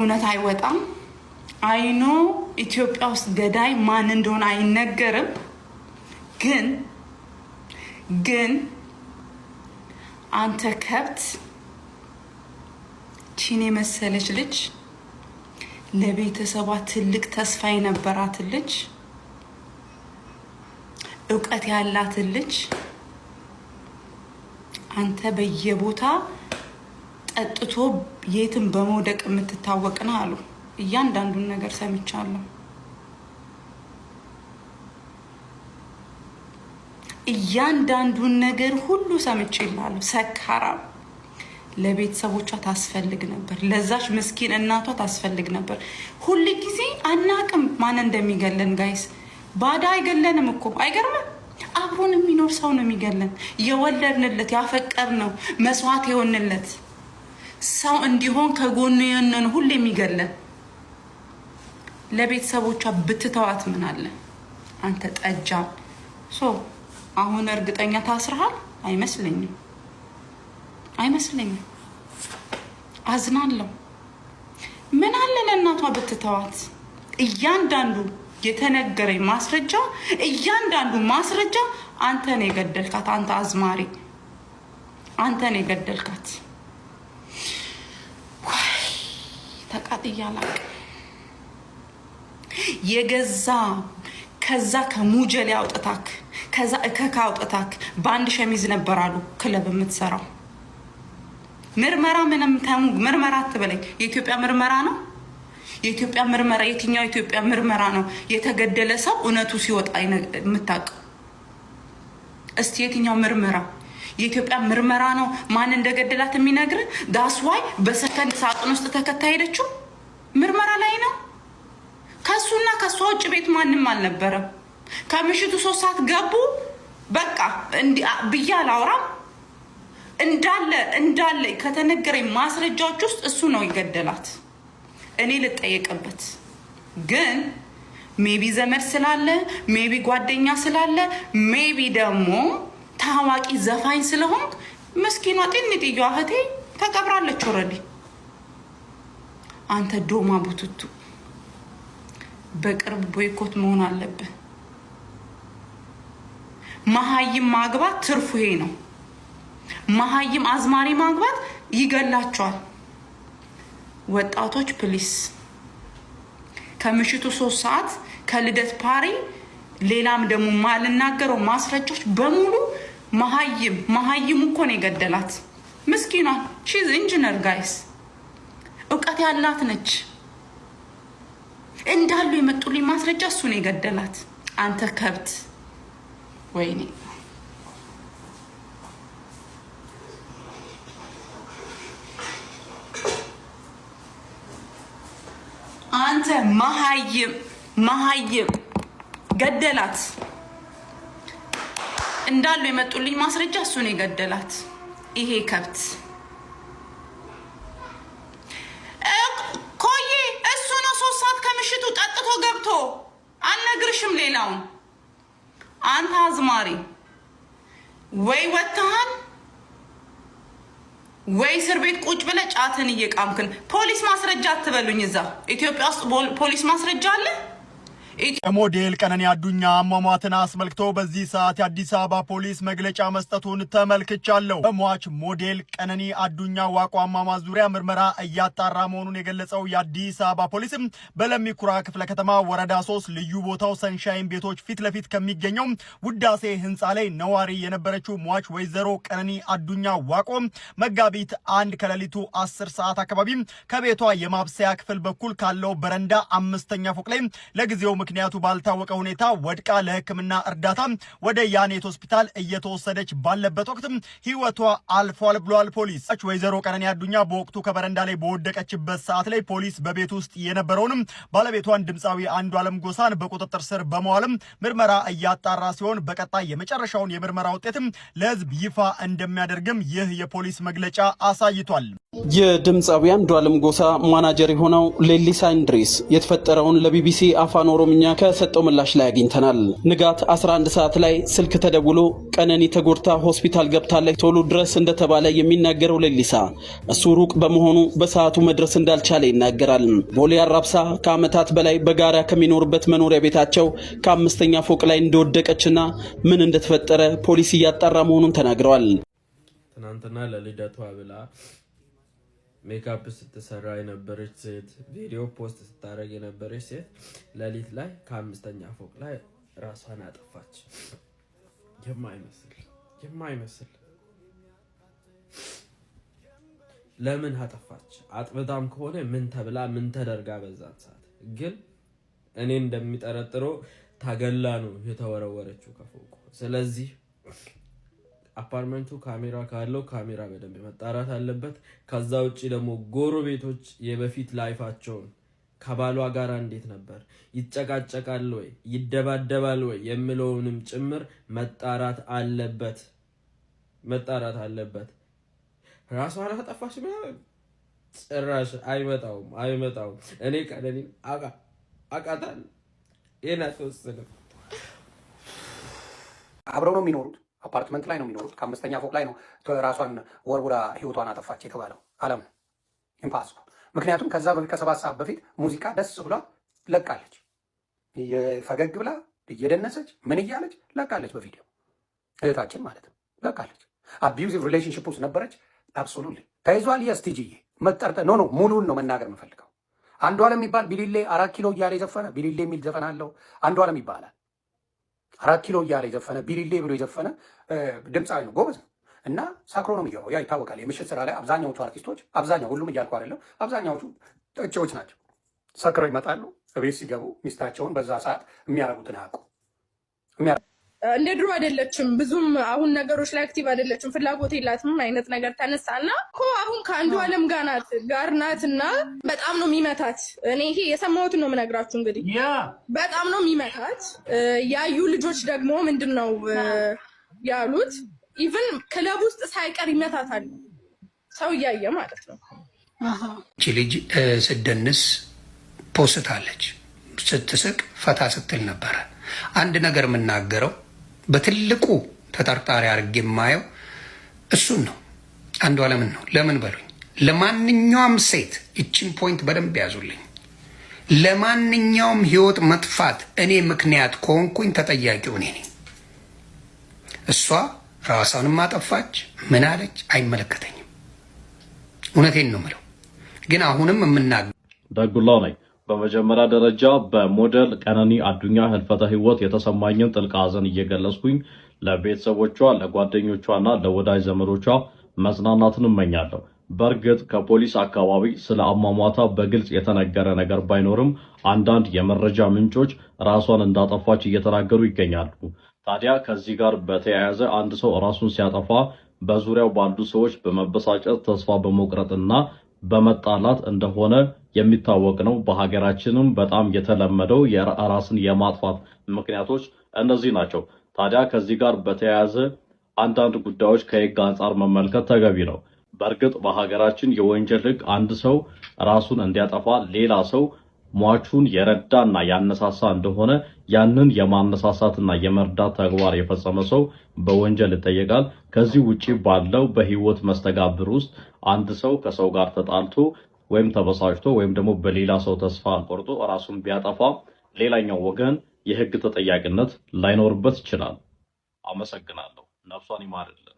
እውነት አይወጣም። አይኖ ኢትዮጵያ ውስጥ ገዳይ ማን እንደሆነ አይነገርም። ግን ግን አንተ ከብት ቺን የመሰለች ልጅ ለቤተሰቧ ትልቅ ተስፋ የነበራት ልጅ እውቀት ያላትን ልጅ አንተ በየቦታ ጠጥቶ የትም በመውደቅ የምትታወቅ ነው አሉ። እያንዳንዱን ነገር ሰምቻለሁ። እያንዳንዱን ነገር ሁሉ ሰምቼ ይላሉ። ሰካራም ለቤተሰቦቿ ታስፈልግ ነበር፣ ለዛች ምስኪን እናቷ ታስፈልግ ነበር። ሁል ጊዜ አናቅም ማን እንደሚገለን። ጋይስ ባዳ አይገለንም እኮ አይገርምም? አብሮን የሚኖር ሰው ነው የሚገለን፣ የወለድንለት ያፈቀር ነው መስዋዕት የሆንለት ሰው እንዲሆን ከጎኑ የነን ሁሌ የሚገለን ለቤተሰቦቿ ብትተዋት ምን አለ አንተ ጠጃ። ሶ አሁን እርግጠኛ ታስርሃል? አይመስለኝም፣ አይመስለኝም። አዝናለሁ። ምን አለ ለእናቷ ብትተዋት? እያንዳንዱ የተነገረኝ ማስረጃ፣ እያንዳንዱ ማስረጃ አንተን የገደልካት አንተ አዝማሪ፣ አንተን የገደልካት ተቃጥያላቅ የገዛ ከዛ ከሙጀሌ አውጥታክ ከዛ እከካ አውጥታክ በአንድ ሸሚዝ ነበር አሉ ክለብ የምትሰራው። ምርመራ ምንም ተሙ ምርመራ አትበለኝ። የኢትዮጵያ ምርመራ ነው የኢትዮጵያ ምርመራ የትኛው የኢትዮጵያ ምርመራ ነው? የተገደለ ሰው እውነቱ ሲወጣ የምታውቅ እስቲ የትኛው ምርመራ የኢትዮጵያ ምርመራ ነው ማን እንደገደላት የሚነግር ዳስዋይ በሰከንድ ሳጥን ውስጥ ተከታ ሄደችው። ምርመራ ላይ ነው። ከሱና ከሷ ውጭ ቤት ማንም አልነበረም። ከምሽቱ ሶስት ሰዓት ገቡ። በቃ ብዬ አላውራም። እንዳለ እንዳለ ከተነገረኝ ማስረጃዎች ውስጥ እሱ ነው ይገደላት። እኔ ልጠየቅበት ግን ሜቢ ዘመድ ስላለ ሜቢ ጓደኛ ስላለ ሜቢ ደግሞ ታዋቂ ዘፋኝ ስለሆንክ ምስኪኗ ጤንጥየዋ እህቴ ተቀብራለች ወረዲ አንተ ዶማ ቡትቱ በቅርብ ቦይኮት መሆን አለብህ። መሀይም ማግባት ትርፉ ይሄ ነው። መሀይም አዝማሪ ማግባት ይገላቸዋል። ወጣቶች ፕሊስ ከምሽቱ ሶስት ሰዓት ከልደት ፓሪ ሌላም ደግሞ ማልናገረው ማስረጃዎች በሙሉ መሀይም መሀይም እኮ ነው የገደላት። ምስኪኗ ሺዝ ኢንጂነር ጋይስ እውቀት ያላት ነች። እንዳሉ የመጡልኝ ማስረጃ እሱ ነው የገደላት። አንተ ከብት ወይኔ አንተ መሀይም መሀይም ገደላት እንዳሉ የመጡልኝ ማስረጃ ነው የገደላት ይሄ ከብት ኮዬ እሱ ነው። ሶስት ሰዓት ከምሽቱ ጠጥቶ ገብቶ አልነግርሽም። ሌላውን አንተ አዝማሪ ወይ ወጥተሃል ወይ እስር ቤት ቁጭ ብለህ ጫትን እየቃምክን ፖሊስ ማስረጃ አትበሉኝ። እዛ ኢትዮጵያ ውስጥ ፖሊስ ማስረጃ አለ። የሞዴል ቀነኒ አዱኛ አሟሟትን አስመልክቶ በዚህ ሰዓት የአዲስ አበባ ፖሊስ መግለጫ መስጠቱን ተመልክቻለሁ። በሟች ሞዴል ቀነኒ አዱኛ ዋቆ አሟሟት ዙሪያ ምርመራ እያጣራ መሆኑን የገለጸው የአዲስ አበባ ፖሊስም በለሚኩራ ክፍለ ከተማ ወረዳ ሶስት ልዩ ቦታው ሰንሻይን ቤቶች ፊት ለፊት ከሚገኘው ውዳሴ ህንፃ ላይ ነዋሪ የነበረችው ሟች ወይዘሮ ቀነኒ አዱኛ ዋቆ መጋቢት አንድ ከሌሊቱ አስር ሰዓት አካባቢ ከቤቷ የማብሰያ ክፍል በኩል ካለው በረንዳ አምስተኛ ፎቅ ላይ ለጊዜው ምክንያቱ ባልታወቀ ሁኔታ ወድቃ ለሕክምና እርዳታ ወደ ያኔት ሆስፒታል እየተወሰደች ባለበት ወቅት ህይወቷ አልፏል ብሏል ፖሊስ። ወይዘሮ ቀነኒ አዱኛ በወቅቱ ከበረንዳ ላይ በወደቀችበት ሰዓት ላይ ፖሊስ በቤት ውስጥ የነበረውንም ባለቤቷን ድምፃዊ አንዱ አለም ጎሳን በቁጥጥር ስር በመዋልም ምርመራ እያጣራ ሲሆን በቀጣይ የመጨረሻውን የምርመራ ውጤትም ለህዝብ ይፋ እንደሚያደርግም ይህ የፖሊስ መግለጫ አሳይቷል። የድምፃዊ አንዱ አለም ጎሳ ማናጀር የሆነው ሌሊሳ እንድሪስ የተፈጠረውን ለቢቢሲ አፋን ኦሮምኛ ጓደኛ ከሰጠው ምላሽ ላይ አግኝተናል። ንጋት 11 ሰዓት ላይ ስልክ ተደውሎ ቀነኒ ተጎድታ ሆስፒታል ገብታለች ቶሎ ድረስ እንደተባለ የሚናገረው ሌሊሳ እሱ ሩቅ በመሆኑ በሰዓቱ መድረስ እንዳልቻለ ይናገራል። ቦሌ አራብሳ ከዓመታት በላይ በጋራ ከሚኖርበት መኖሪያ ቤታቸው ከአምስተኛ ፎቅ ላይ እንደወደቀችና ምን እንደተፈጠረ ፖሊስ እያጣራ መሆኑን ተናግረዋል። ትናንትና ለልደቷ ብላ ሜካፕ ስትሰራ የነበረች ሴት፣ ቪዲዮ ፖስት ስታደረግ የነበረች ሴት ሌሊት ላይ ከአምስተኛ ፎቅ ላይ ራሷን አጠፋች። የማይመስል የማይመስል ለምን አጠፋች? አጥብታም ከሆነ ምን ተብላ ምን ተደርጋ በዛን ሰዓት ግን እኔ እንደሚጠረጥረው ታገላ ነው የተወረወረችው ከፎቁ። ስለዚህ አፓርትመንቱ ካሜራ ካለው ካሜራ በደንብ መጣራት አለበት። ከዛ ውጭ ደግሞ ጎረቤቶች የበፊት ላይፋቸውን ከባሏ ጋር እንዴት ነበር ይጨቃጨቃል ወይ ይደባደባል ወይ የሚለውንም ጭምር መጣራት አለበት መጣራት አለበት። ራሷን አጠፋች ምናምን ጭራሽ አይመጣውም አይመጣውም። እኔ ቀነኒን አቃታል ይህን አትወስንም። አብረው ነው የሚኖሩት አፓርትመንት ላይ ነው የሚኖሩት። ከአምስተኛ ፎቅ ላይ ነው ራሷን ወርውራ ህይወቷን አጠፋች የተባለው አለም ነው ኢምፓስ። ምክንያቱም ከዛ በፊት ከሰባት ሰዓት በፊት ሙዚቃ ደስ ብሏ ለቃለች፣ ፈገግ ብላ እየደነሰች ምን እያለች ለቃለች፣ በቪዲዮ እህታችን ማለት ነው ለቃለች። አቢዩዚቭ ሪሌሽንሽፕ ውስጥ ነበረች። አብሶሉት ተይዟል። የስቲጂዬ መጠርጠ ኖ ኖ ሙሉን ነው መናገር የምፈልገው። አንዷለም የሚባል ቢሊሌ አራት ኪሎ እያለ የዘፈነ ቢሊሌ የሚል ዘፈን አለው አንዷለም ይባላል። አራት ኪሎ እያለ የዘፈነ ቢሪሌ ብሎ የዘፈነ ድምፃዊ ነው፣ ጎበዝ ነው። እና ሳክሮ ነው የሚገባው፣ ያ ይታወቃል። የምሽት ስራ ላይ አብዛኛዎቹ አርቲስቶች አብዛኛው ሁሉም እያልኩ አይደለም፣ አብዛኛዎቹ ጠጪዎች ናቸው። ሰክረው ይመጣሉ። እቤት ሲገቡ ሚስታቸውን በዛ ሰዓት የሚያረጉትን አያውቁ እንደ ድሮ አይደለችም። ብዙም አሁን ነገሮች ላይ አክቲቭ አይደለችም። ፍላጎት የላትም አይነት ነገር ተነሳና እኮ አሁን ከአንዱ አለም ጋር ናት ጋር ናት እና በጣም ነው የሚመታት። እኔ ይሄ የሰማሁትን ነው የምነግራችሁ። እንግዲህ በጣም ነው የሚመታት። ያዩ ልጆች ደግሞ ምንድን ነው ያሉት? ኢቭን ክለብ ውስጥ ሳይቀር ይመታታል፣ ሰው እያየ ማለት ነው። እቺ ልጅ ስደንስ ፖስታለች፣ ስትስቅ ፈታ ስትል ነበረ። አንድ ነገር የምናገረው በትልቁ ተጠርጣሪ አድርጌ የማየው እሱን ነው። አንዱ አለምን ነው። ለምን በሉኝ፣ ለማንኛውም ሴት ይችን ፖይንት በደንብ ያዙልኝ። ለማንኛውም ህይወት መጥፋት እኔ ምክንያት ከሆንኩኝ ተጠያቂው እኔ ነኝ። እሷ ራሷንም አጠፋች፣ ምን አለች፣ አይመለከተኝም። እውነቴን ነው ምለው፣ ግን አሁንም የምናገ ዳጉላው ነኝ በመጀመሪያ ደረጃ በሞዴል ቀነኒ አዱኛ ህልፈተ ህይወት የተሰማኝን ጥልቅ ሐዘን እየገለጽኩኝ ለቤተሰቦቿ ለጓደኞቿና ለወዳጅ ዘመዶቿ መጽናናትን እመኛለሁ። በእርግጥ ከፖሊስ አካባቢ ስለ አሟሟታ በግልጽ የተነገረ ነገር ባይኖርም አንዳንድ የመረጃ ምንጮች ራሷን እንዳጠፋች እየተናገሩ ይገኛሉ። ታዲያ ከዚህ ጋር በተያያዘ አንድ ሰው ራሱን ሲያጠፋ በዙሪያው ባሉ ሰዎች በመበሳጨት ተስፋ በመቁረጥና በመጣላት እንደሆነ የሚታወቅ ነው። በሀገራችንም በጣም የተለመደው የራስን የማጥፋት ምክንያቶች እነዚህ ናቸው። ታዲያ ከዚህ ጋር በተያያዘ አንዳንድ ጉዳዮች ከህግ አንጻር መመልከት ተገቢ ነው። በእርግጥ በሀገራችን የወንጀል ህግ አንድ ሰው ራሱን እንዲያጠፋ ሌላ ሰው ሟቹን የረዳና ያነሳሳ እንደሆነ ያንን የማነሳሳትና የመርዳት ተግባር የፈጸመ ሰው በወንጀል ይጠየቃል። ከዚህ ውጪ ባለው በህይወት መስተጋብር ውስጥ አንድ ሰው ከሰው ጋር ተጣልቶ ወይም ተበሳጭቶ ወይም ደግሞ በሌላ ሰው ተስፋ ቆርጦ ራሱን ቢያጠፋ ሌላኛው ወገን የህግ ተጠያቂነት ላይኖርበት ይችላል። አመሰግናለሁ። ነፍሷን ይማርልን።